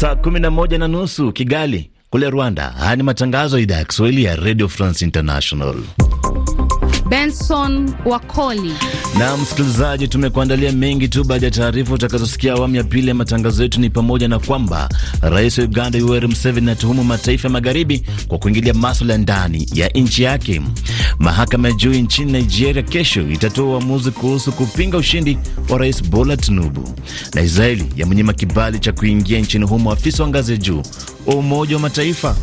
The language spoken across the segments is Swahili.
Saa kumi na moja na nusu Kigali kule Rwanda. Haya ni matangazo ya idhaa ya Kiswahili ya Radio France International. Benson Wakoli na msikilizaji, tumekuandalia mengi tu. Baada ya taarifa utakazosikia awamu ya pili ya matangazo yetu ni pamoja na kwamba rais wa Uganda Yoweri Museveni anatuhumu mataifa ya magharibi kwa kuingilia maswala ndani ya nchi yake. Mahakama ya juu nchini Nigeria kesho itatoa uamuzi kuhusu kupinga ushindi wa rais Bola Tinubu, na Israeli yamnyima kibali cha kuingia nchini humo afisa wa ngazi ya juu wa Umoja wa Mataifa.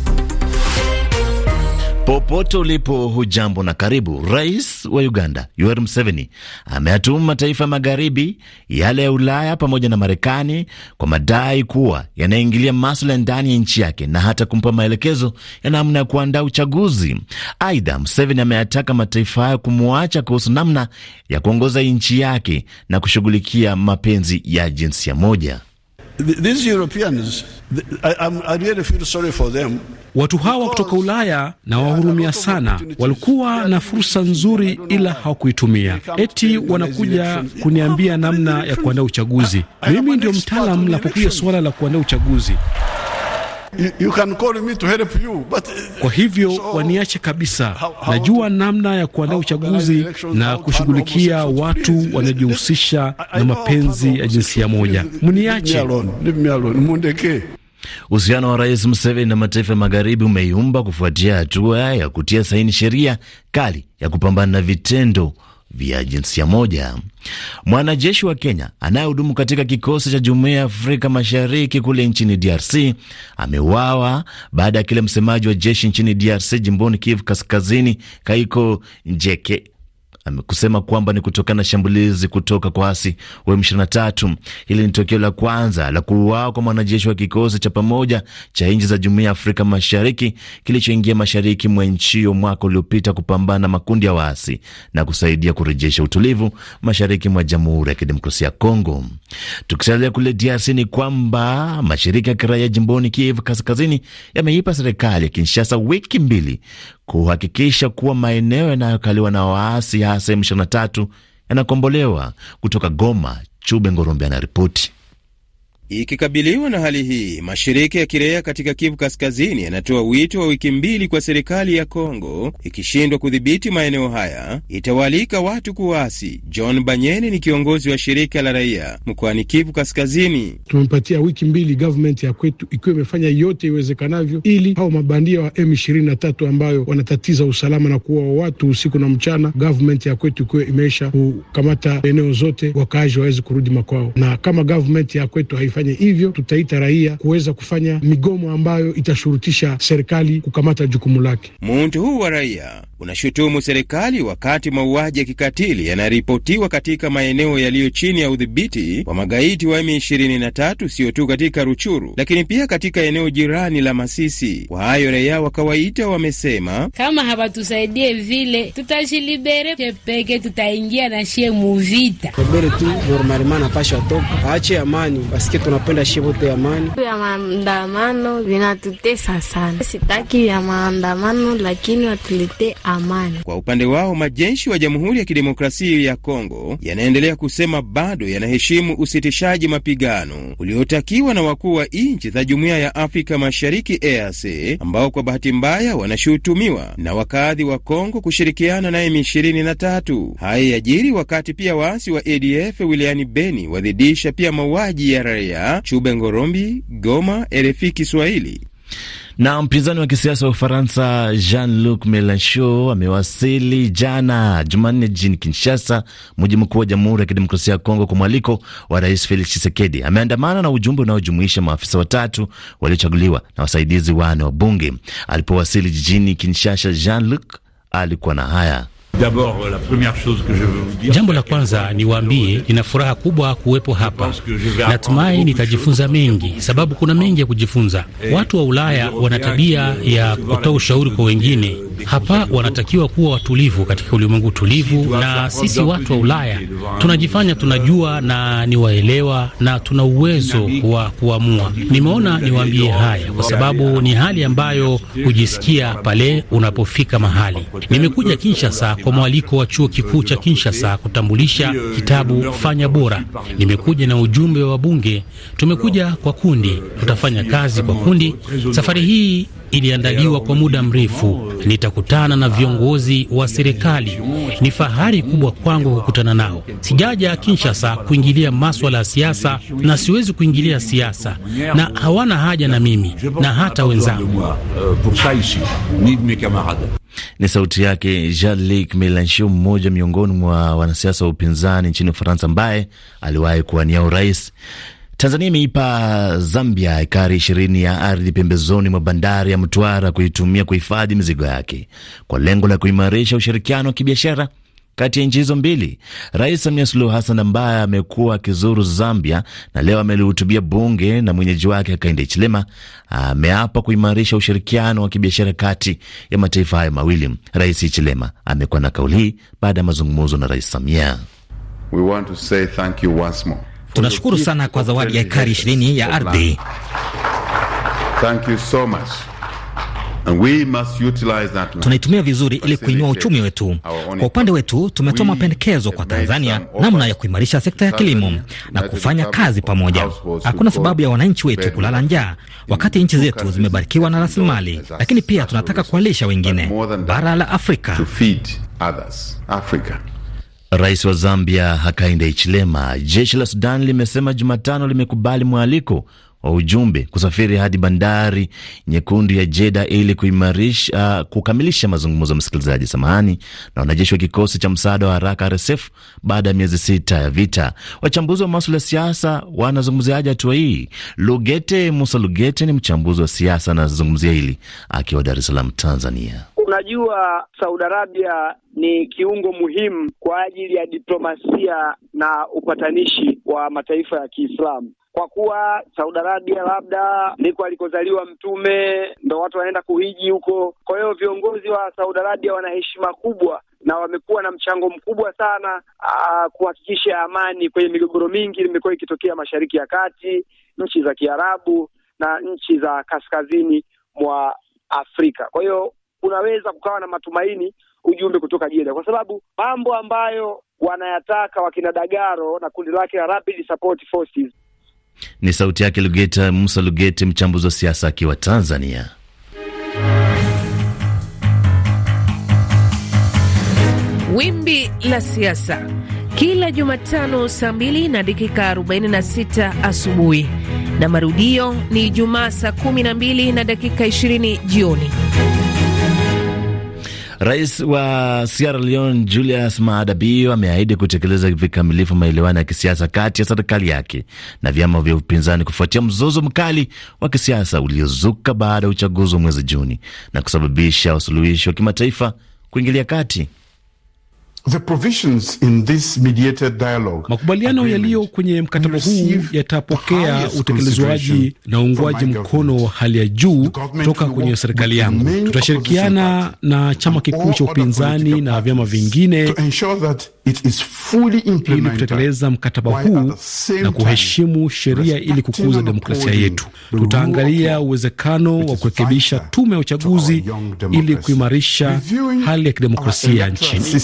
Popote ulipo, hujambo na karibu. Rais wa Uganda Yoweri Museveni ameatuma mataifa magharibi yale ya Ulaya pamoja na Marekani kwa madai kuwa yanaingilia maswala ya ndani ya nchi yake na hata kumpa maelekezo ya namna ya kuandaa uchaguzi. Aidha, Museveni ameyataka mataifa hayo kumwacha kuhusu namna ya kuongoza nchi yake na kushughulikia mapenzi ya jinsia moja. These Europeans, I, I really feel sorry for them. Watu hawa kutoka Ulaya na wahurumia sana, walikuwa na fursa nzuri ila hawakuitumia. Eti wanakuja kuniambia namna ya kuandaa uchaguzi. Ah, ah, Mimi ah, ndio mtaalam napokuja suala la kuandaa uchaguzi. You, can call me to help you, but, uh, kwa hivyo so, waniache kabisa how, how najua to, namna ya kuandaa uchaguzi na kushughulikia watu wanaojihusisha na mapenzi ya jinsia moja. Mniache. Uhusiano wa Rais Museveni na mataifa ya magharibi umeyumba kufuatia hatua ya kutia saini sheria kali ya kupambana na vitendo vya jinsia moja. Mwanajeshi wa Kenya anayehudumu katika kikosi cha Jumuiya ya Afrika Mashariki kule nchini DRC ameuawa baada ya kile msemaji wa jeshi nchini DRC jimboni Kivu Kaskazini Kaiko Njeke amekusema kwamba ni kutokana na shambulizi kutoka kwa asi wa M23. Hili ni tokeo la kwanza la kuuawa kwa mwanajeshi wa kikosi cha pamoja cha nchi za Jumuiya ya Afrika Mashariki kilichoingia mashariki mwa nchi hiyo mwaka uliopita kupambana na makundi ya waasi na kusaidia kurejesha utulivu mashariki mwa Jamhuri ya Kidemokrasia ya Kongo. Tukisalia kule DRC ni kwamba mashirika ya kiraia jimboni Kivu Kaskazini yameipa serikali ya Kinshasa wiki mbili kuhakikisha kuwa maeneo yanayokaliwa na waasi hasa M23 yanakombolewa. Kutoka Goma, Chube Ngorombe anaripoti. Ikikabiliwa na hali hii, mashirika ya kiraia katika Kivu Kaskazini yanatoa wito wa wiki mbili kwa serikali ya Kongo ikishindwa kudhibiti maeneo haya itawaalika watu kuwasi John Banyene ni kiongozi wa shirika la raia mkoani Kivu Kaskazini. Tumepatia wiki mbili gavmenti ya kwetu ikiwa imefanya yote iwezekanavyo ili hao mabandia wa M23 ambayo wanatatiza usalama na kuua watu usiku na mchana, gavumenti ya kwetu ikiwa imeisha kukamata eneo zote, wakaaji waweze kurudi makwao, na kama gavumenti ya kwetu haifu haifanye hivyo, tutaita raia kuweza kufanya migomo ambayo itashurutisha serikali kukamata jukumu lake. Muundo huu wa raia unashutumu serikali wakati mauaji ya kikatili yanaripotiwa katika maeneo yaliyo chini ya udhibiti wa magaidi wa M23, sio tu katika Ruchuru lakini pia katika eneo jirani la Masisi. Kwa hayo raia wa kawaida wamesema, kama hawatusaidie vile tutajilibere pepeke, tutaingia na shie muvita tunapenda shibote ya amani. Ya maandamano vinatutesa sana, sitaki ya maandamano, lakini watuletee amani. Kwa upande wao majeshi wa Jamhuri ya Kidemokrasia ya Kongo yanaendelea kusema bado yanaheshimu usitishaji mapigano uliotakiwa na wakuu wa nchi za Jumuiya ya Afrika Mashariki EAC, ambao kwa bahati mbaya wanashutumiwa na wakaadhi wa Kongo kushirikiana na M23. Haya yajiri wakati pia waasi wa ADF wilayani Beni wadhidisha pia mauaji ya raia. Busia, Chube Ngorombi, Goma, RFI Kiswahili. Na mpinzani wa kisiasa wa Ufaransa Jean-Luc Melenchon amewasili jana Jumanne jijini Kinshasa, mji mkuu wa Jamhuri ya Kidemokrasia ya Kongo, kwa mwaliko wa Rais Felix Tshisekedi. Ameandamana na ujumbe unaojumuisha maafisa watatu waliochaguliwa na wasaidizi wane wa bunge. Alipowasili jijini Kinshasa, Jean-Luc alikuwa na haya Euh, Jambo la kwanza niwaambie, nina furaha kubwa kuwepo hapa. Natumai nitajifunza mengi, sababu kuna mengi ya kujifunza. Eh, Watu wa Ulaya wana tabia euh, ya kutoa ushauri kwa wengine hapa wanatakiwa kuwa watulivu katika ulimwengu tulivu, na sisi watu wa Ulaya tunajifanya tunajua na niwaelewa na tuna uwezo wa kuamua. Nimeona niwaambie haya kwa sababu ni hali ambayo hujisikia pale unapofika mahali. Nimekuja Kinshasa kwa mwaliko wa chuo kikuu cha Kinshasa kutambulisha kitabu Fanya Bora. Nimekuja na ujumbe wa bunge, tumekuja kwa kundi, tutafanya kazi kwa kundi. Safari hii iliandaliwa kwa muda mrefu. Nitakutana na viongozi wa serikali. Ni fahari kubwa kwangu kukutana nao. Sijaja Kinshasa kuingilia maswala ya siasa, na siwezi kuingilia siasa, na hawana haja na mimi na hata wenzangu. Ni sauti yake Jean-Luc Melenchon, mmoja miongoni mwa wanasiasa wa upinzani nchini Ufaransa ambaye aliwahi kuwania urais Tanzania imeipa Zambia ekari ishirini ya ardhi pembezoni mwa bandari ya Mtwara kuitumia kuhifadhi mizigo yake kwa lengo la kuimarisha ushirikiano wa kibiashara kati ya nchi hizo mbili. Rais Samia Suluhu Hassan ambaye amekuwa akizuru Zambia na leo amelihutubia bunge na mwenyeji wake Hakainde Hichilema ameapa kuimarisha ushirikiano wa kibiashara kati ya mataifa hayo mawili. Rais Hichilema amekuwa na kauli hii baada ya mazungumzo na Rais Samia. We want to say thank you once more. Tunashukuru sana kwa zawadi ya ekari ishirini ya ardhi. so Tunaitumia vizuri ili kuinua uchumi wetu. Kwa upande wetu tumetoa mapendekezo kwa Tanzania namna ya kuimarisha sekta ya kilimo na kufanya kazi pamoja. Hakuna sababu ya wananchi wetu kulala njaa wakati nchi zetu zimebarikiwa na rasilimali, lakini pia tunataka kuwalisha wengine, bara la Afrika. Rais wa Zambia Hakainde Hichilema. Jeshi la Sudan limesema Jumatano limekubali mwaliko wa ujumbe kusafiri hadi bandari nyekundu ya Jeda ili kuimarisha, uh, kukamilisha mazungumzo ya msikilizaji, samahani, na wanajeshi wa kikosi cha msaada wa haraka RSF baada ya miezi sita ya vita. Wachambuzi wa maswala ya siasa wanazungumziaje hatua hii? Lugete Musa Lugete ni mchambuzi wa siasa, anazungumzia hili akiwa Dar es Salaam, Tanzania. Unajua, Saudi Arabia ni kiungo muhimu kwa ajili ya diplomasia na upatanishi wa mataifa ya Kiislamu kwa kuwa Saudi Arabia labda ndiko alikozaliwa Mtume, ndo watu wanaenda kuhiji huko. Kwa hiyo viongozi wa Saudi Arabia wana heshima kubwa na wamekuwa na mchango mkubwa sana kuhakikisha amani kwenye migogoro mingi imekuwa ikitokea Mashariki ya Kati, nchi za Kiarabu na nchi za kaskazini mwa Afrika. Kwa hiyo kunaweza kukawa na matumaini ujumbe kutoka Jeddah, kwa sababu mambo ambayo wanayataka wakina Dagaro na kundi lake la Rapid Support Forces. Ni sauti yake Lugeta Musa Lugete, mchambuzi wa siasa akiwa Tanzania. Wimbi la siasa kila Jumatano saa 2 na dakika 46 asubuhi na marudio ni Ijumaa saa 12 na dakika 20 jioni. Rais wa Sierra Leone Julius Maada Bio ameahidi kutekeleza vikamilifu maelewano ya kisiasa kati ya serikali yake na vyama vya upinzani kufuatia mzozo mkali wa kisiasa uliozuka baada ya uchaguzi wa mwezi Juni na kusababisha wasuluhishi wa kimataifa kuingilia kati. The provisions in this mediated dialogue, makubaliano yaliyo kwenye mkataba huu yatapokea utekelezwaji na uungwaji mkono wa hali ya juu kutoka kwenye serikali yangu. Tutashirikiana na chama kikuu cha upinzani na vyama vingine ili kutekeleza mkataba huu na kuheshimu sheria ili kukuza demokrasia yetu. Tutaangalia uwezekano wa kurekebisha tume ya uchaguzi ili kuimarisha hali ya kidemokrasia nchini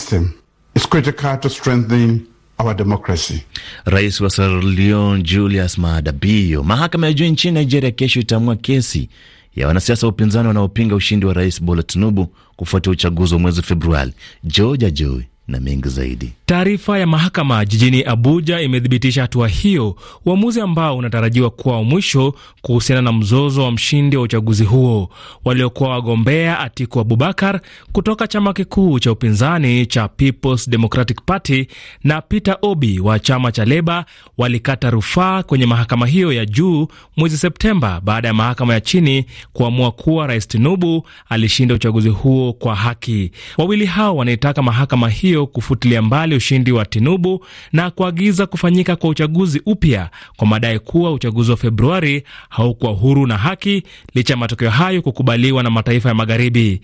is critical to strengthening our democracy. Rais wa Sierra Leone Julius Maada Bio. Mahakama ya juu nchini Nigeria kesho itaamua kesi ya wanasiasa wa upinzani wanaopinga ushindi wa Rais Bola Tinubu kufuatia uchaguzi wa mwezi Februari. Joja Joy na mengi zaidi Taarifa ya mahakama jijini Abuja imethibitisha hatua hiyo, uamuzi ambao unatarajiwa kuwa wa mwisho kuhusiana na mzozo wa mshindi wa uchaguzi huo. Waliokuwa wagombea Atiku Abubakar kutoka chama kikuu cha upinzani cha Peoples Democratic Party na Peter Obi wa chama cha Leba walikata rufaa kwenye mahakama hiyo ya juu mwezi Septemba baada ya mahakama ya chini kuamua kuwa Rais Tinubu alishinda uchaguzi huo kwa haki. Wawili hao wanaitaka mahakama hiyo kufutilia mbali ushindi wa Tinubu na kuagiza kufanyika kwa uchaguzi upya kwa madai kuwa uchaguzi wa Februari haukuwa huru na haki licha ya matokeo hayo kukubaliwa na mataifa ya Magharibi.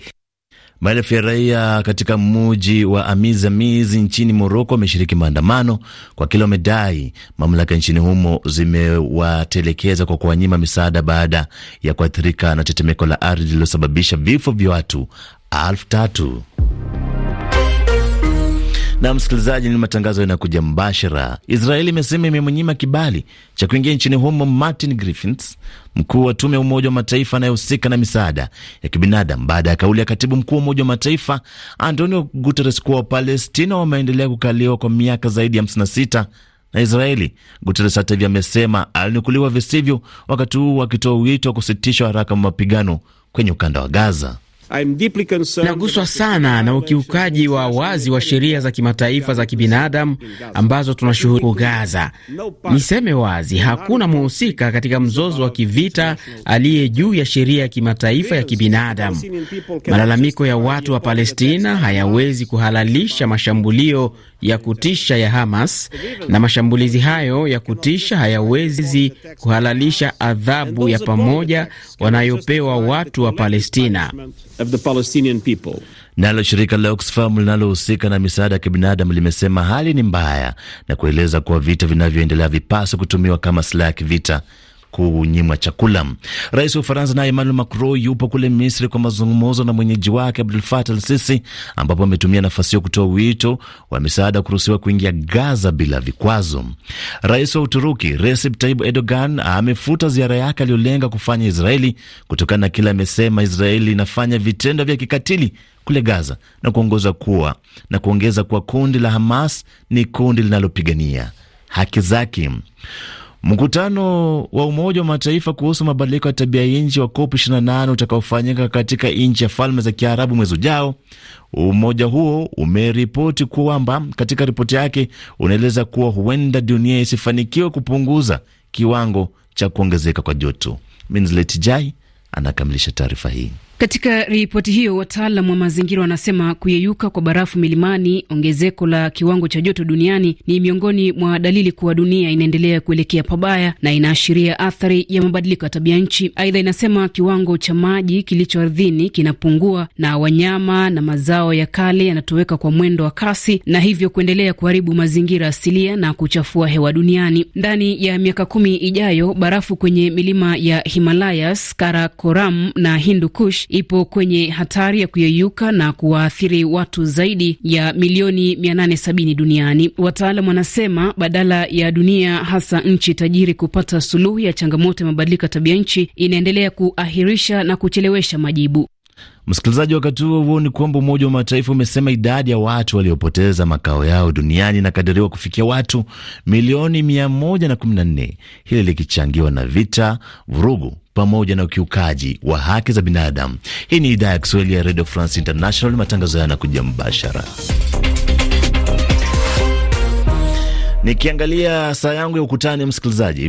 Maelfu ya raia katika mji wa Amizamiz nchini Moroko wameshiriki maandamano kwa kile wamedai mamlaka nchini humo zimewatelekeza kwa kuwanyima misaada baada ya kuathirika na tetemeko la ardhi lililosababisha vifo vya watu elfu tatu. Na msikilizaji, ni matangazo yanakuja mbashara. Israeli imesema imemnyima kibali cha kuingia nchini humo Martin Griffiths, mkuu wa tume ya Umoja wa Mataifa anayehusika na misaada ya kibinadamu baada ya kauli ya katibu mkuu wa Umoja wa Mataifa Antonio Guterres kuwa Wapalestina wameendelea kukaliwa kwa miaka zaidi ya 56 na Israeli. Guterres hata hivyo amesema alinukuliwa visivyo, wakati huu akitoa wito wa kusitishwa haraka mapigano kwenye ukanda wa Gaza. Naguswa sana na ukiukaji wa wazi wa sheria za kimataifa za kibinadamu ambazo tunashuhudia Gaza. Niseme wazi, hakuna mhusika katika mzozo wa kivita aliye juu ya sheria ya kimataifa ya kibinadamu. Malalamiko ya watu wa Palestina hayawezi kuhalalisha mashambulio ya kutisha ya Hamas, na mashambulizi hayo ya kutisha hayawezi kuhalalisha adhabu ya pamoja wanayopewa watu wa Palestina. Nalo shirika la Oxfam linalohusika na misaada ya kibinadamu limesema hali ni mbaya na kueleza kuwa vita vinavyoendelea vipaswa kutumiwa kama silaha ya kivita kunyimwa chakula. Rais wa Ufaransa naye Emmanuel Macron yupo kule Misri kwa mazungumzo na mwenyeji wake Abdul Fatah Al Sisi, ambapo ametumia nafasi hiyo kutoa wito wa misaada kuruhusiwa kuingia Gaza bila vikwazo. Rais wa Uturuki Recep Tayyip Erdogan amefuta ziara yake aliyolenga kufanya Israeli kutokana na kile amesema Israeli inafanya vitendo vya kikatili kule Gaza na kuongoza kuwa na kuongeza kuwa kundi la Hamas ni kundi linalopigania haki zake. Mkutano wa Umoja wa Mataifa kuhusu mabadiliko ya tabia nchi wa COP 28 utakaofanyika katika nchi ya Falme za Kiarabu mwezi ujao. Umoja huo umeripoti kwamba katika ripoti yake unaeleza kuwa huenda dunia isifanikiwe kupunguza kiwango cha kuongezeka kwa joto. Minslet Jai anakamilisha taarifa hii. Katika ripoti hiyo, wataalam wa mazingira wanasema kuyeyuka kwa barafu milimani, ongezeko la kiwango cha joto duniani ni miongoni mwa dalili kuwa dunia inaendelea kuelekea pabaya na inaashiria athari ya mabadiliko ya tabia nchi. Aidha, inasema kiwango cha maji kilicho ardhini kinapungua na wanyama na mazao ya kale yanatoweka kwa mwendo wa kasi, na hivyo kuendelea kuharibu mazingira asilia na kuchafua hewa duniani. Ndani ya miaka kumi ijayo, barafu kwenye milima ya Himalayas, Karakoram na Hindu Kush ipo kwenye hatari ya kuyeyuka na kuwaathiri watu zaidi ya milioni 870 duniani. Wataalam wanasema badala ya dunia, hasa nchi tajiri, kupata suluhu ya changamoto ya mabadiliko ya tabia nchi, inaendelea kuahirisha na kuchelewesha majibu. Msikilizaji, wakati huo huo ni kwamba Umoja wa Mataifa umesema idadi ya watu waliopoteza makao yao duniani inakadiriwa kufikia watu milioni 114, hili likichangiwa na vita, vurugu pamoja na ukiukaji wa haki za binadamu. Hii ni idhaa ya Kiswahili ya Radio France International, matangazo yanakuja mbashara. Nikiangalia saa yangu ya ukutani, msikilizaji